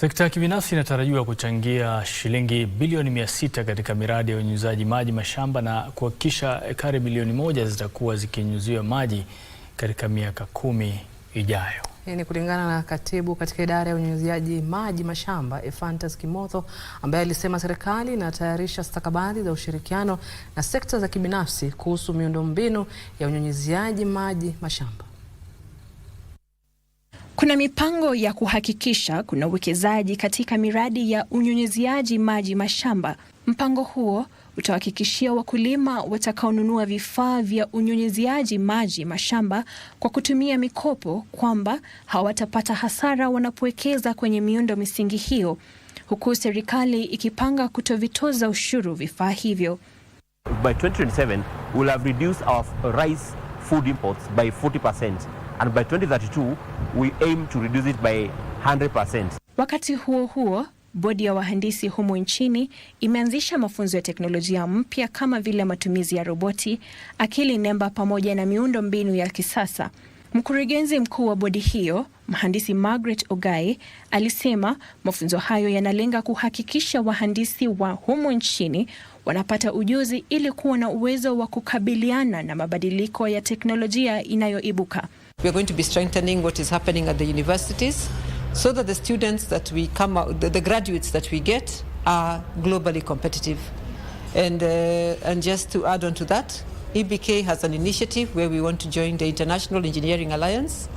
Sekta ya kibinafsi inatarajiwa kuchangia shilingi bilioni mia sita katika miradi ya unyunyizaji maji mashamba na kuhakikisha ekari milioni moja zitakuwa zikinyunyuziwa maji katika miaka kumi ijayo. Hii ni kulingana na katibu katika idara ya unyunyiziaji maji mashamba Ephantus Kimotho ambaye alisema serikali inatayarisha stakabadhi za ushirikiano na sekta za kibinafsi kuhusu miundombinu ya unyunyiziaji maji mashamba. Kuna mipango ya kuhakikisha kuna uwekezaji katika miradi ya unyunyiziaji maji mashamba. Mpango huo utawahakikishia wakulima watakaonunua vifaa vya unyunyiziaji maji mashamba kwa kutumia mikopo kwamba hawatapata hasara wanapowekeza kwenye miundo misingi hiyo, huku serikali ikipanga kutovitoza ushuru vifaa hivyo. By 2027, we'll have reduced our rice food imports by 40% and by 2032 we aim to reduce it by 100%. Wakati huo huo, bodi ya wahandisi humu nchini imeanzisha mafunzo ya teknolojia mpya kama vile matumizi ya roboti, akili nemba pamoja na miundo mbinu ya kisasa. Mkurugenzi mkuu wa bodi hiyo mhandisi Margaret Ogai alisema mafunzo hayo yanalenga kuhakikisha wahandisi wa humu nchini wanapata ujuzi ili kuwa na uwezo wa kukabiliana na mabadiliko ya teknolojia inayoibuka. We are going to be strengthening what is happening at the universities so that the students that we come out, the, the graduates that we get are globally competitive. And, uh, and just to add on to that, EBK has an initiative where we want to join the International Engineering Alliance.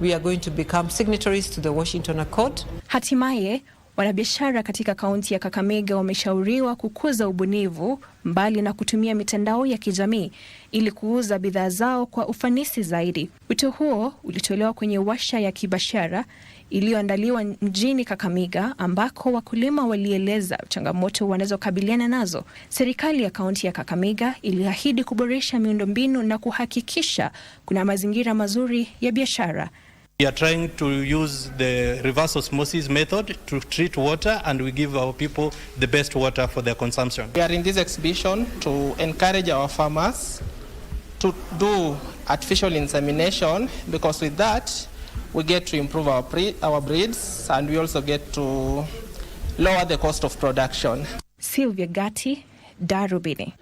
We are going to become signatories to the Washington Accord. Hatimaye Wanabiashara katika kaunti ya Kakamega wameshauriwa kukuza ubunifu mbali na kutumia mitandao ya kijamii ili kuuza bidhaa zao kwa ufanisi zaidi. Wito huo ulitolewa kwenye washa ya kibiashara iliyoandaliwa mjini Kakamega ambako wakulima walieleza changamoto wanazokabiliana nazo. Serikali ya kaunti ya Kakamega iliahidi kuboresha miundombinu na kuhakikisha kuna mazingira mazuri ya biashara. We are trying to use the reverse osmosis method to treat water and we give our people the best water for their consumption. We are in this exhibition to encourage our farmers to do artificial insemination because with that we get to improve our, pre our breeds and we also get to lower the cost of production. Sylvia Gatti, Darubini.